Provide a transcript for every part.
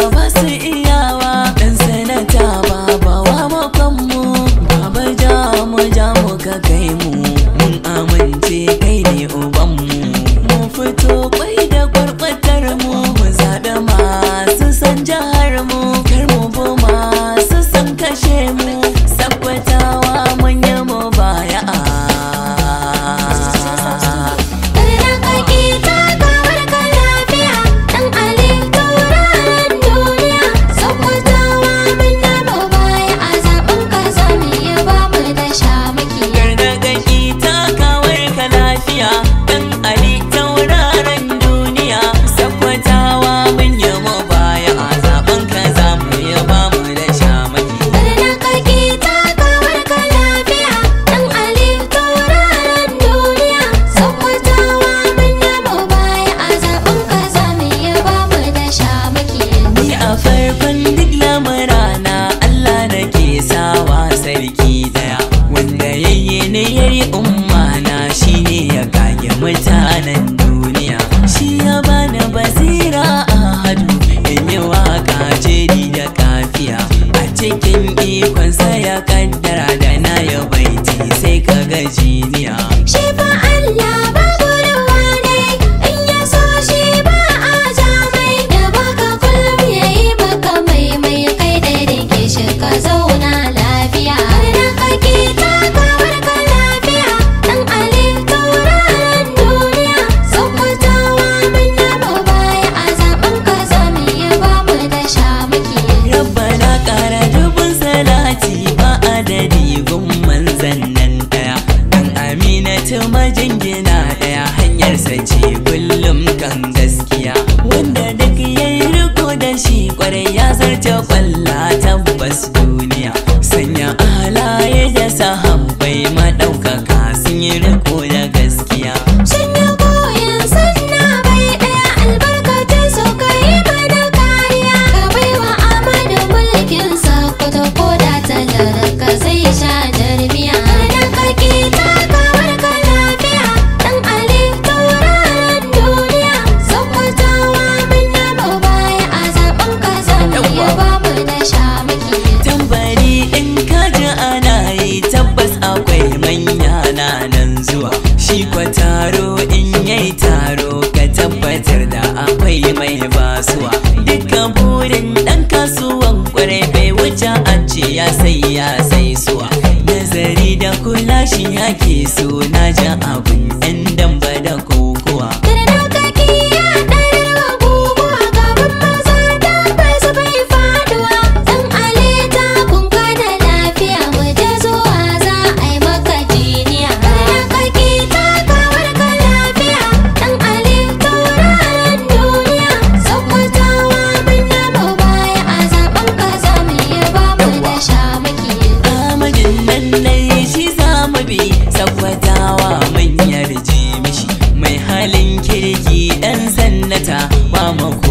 I'm ba su shi yake so na ja abin kirki ɗan sannata ba mako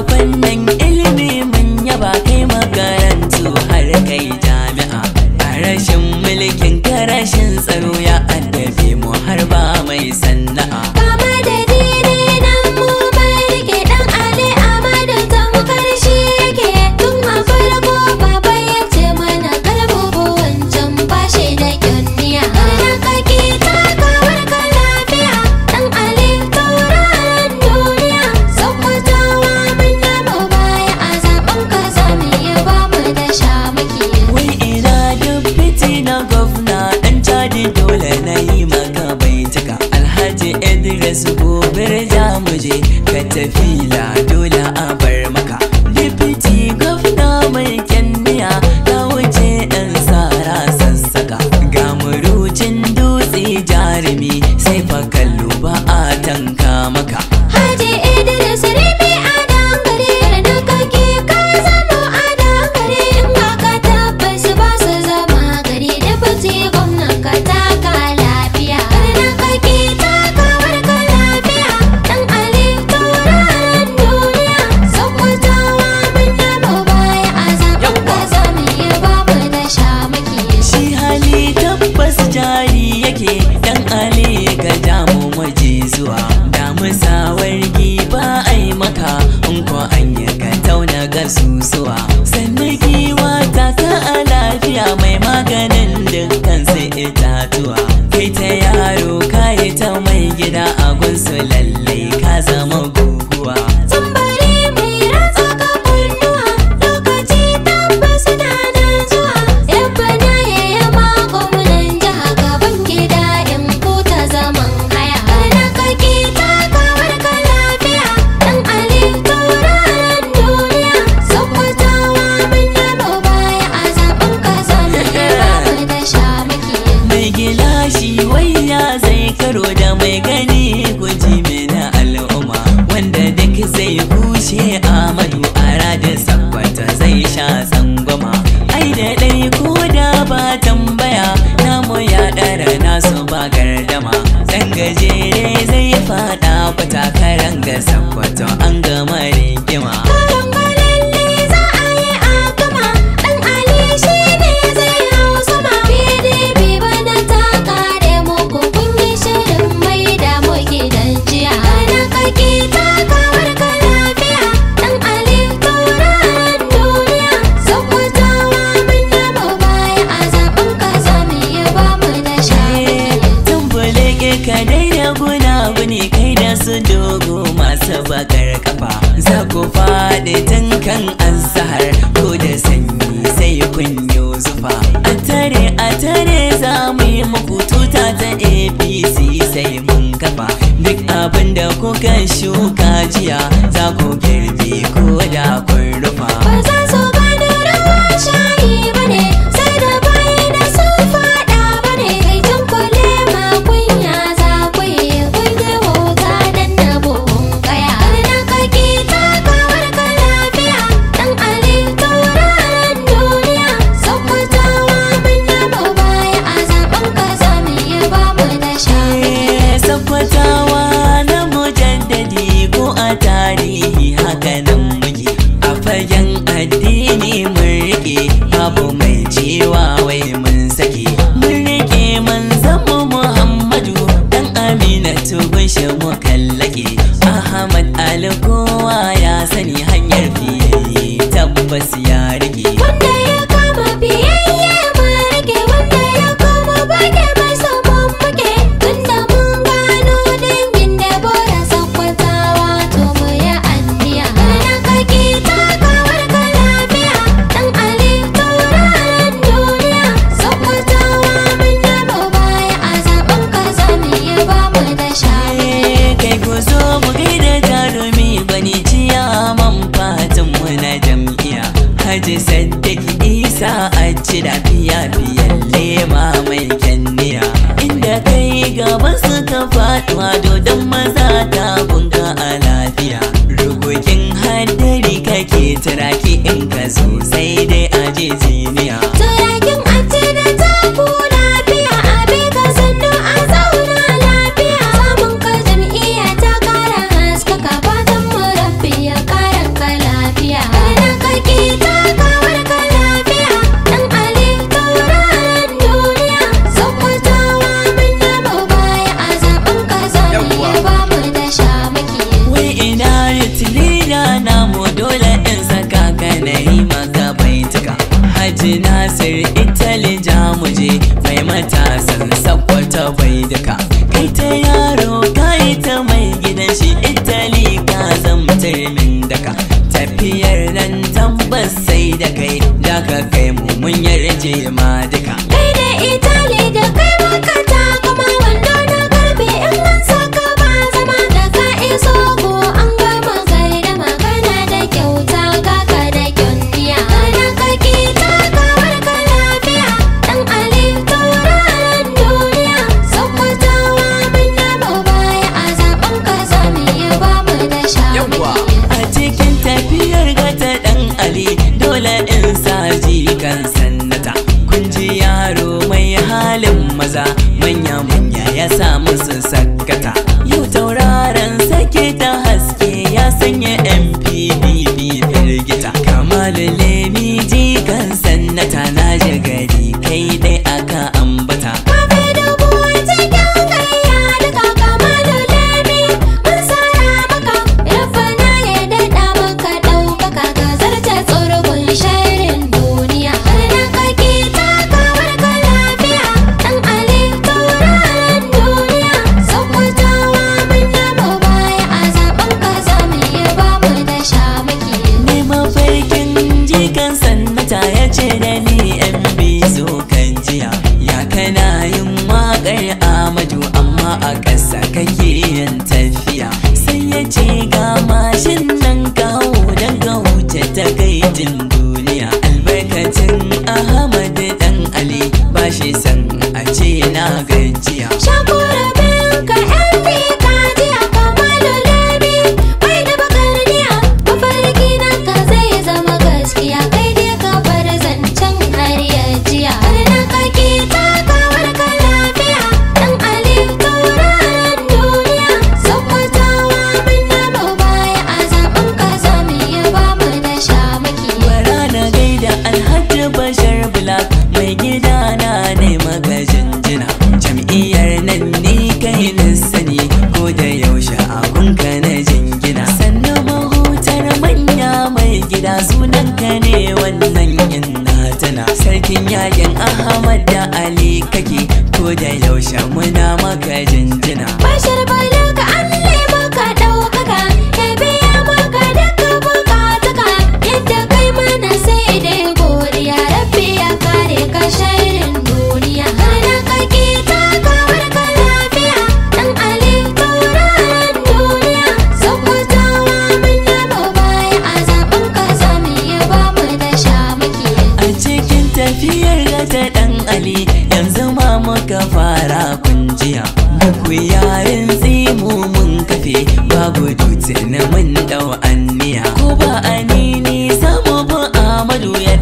when Consolation amadu a radin sakwata zai sha tsangwama ai da ɗai ko da ba tambaya namu ya ɗara nasu ba gardama zan gajere zai faɗa kwata karan ga sakwato kuka shuka jiya za ku Ahmad kowa ya sani hanyar fiye tabbas ya rige ji saddik isa a ci da fiya fiyan lema mai kyanniya inda kai gaba suka faɗuwa dodon maza ta bunga ala sai firgita kama da lemi jikan sannata na jagari kai dai casa que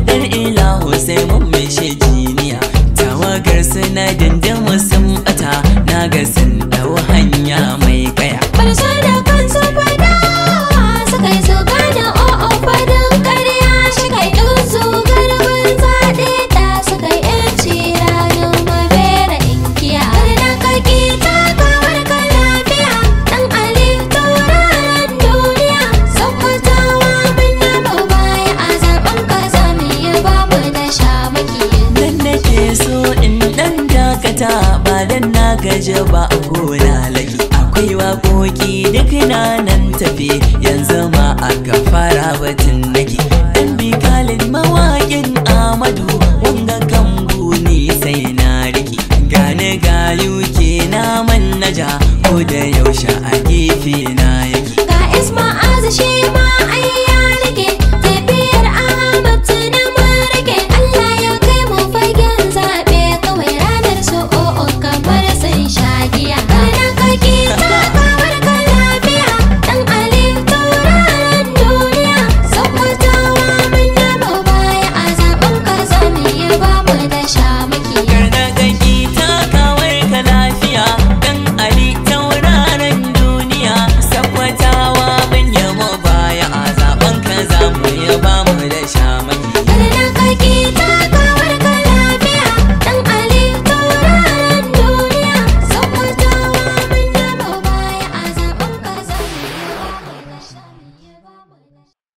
Ɗan ilahu sai mun mai shi jiniya tawagar suna dandamasa ta ba dan na gaje ba ko lalaki akwai waƙoƙi duk na nan tafe yanzu ma aka fara batun nake dan kalin mawaƙin amadu wanga kambu ne sai na riki gane gayu ke na mannaja ko da yaushe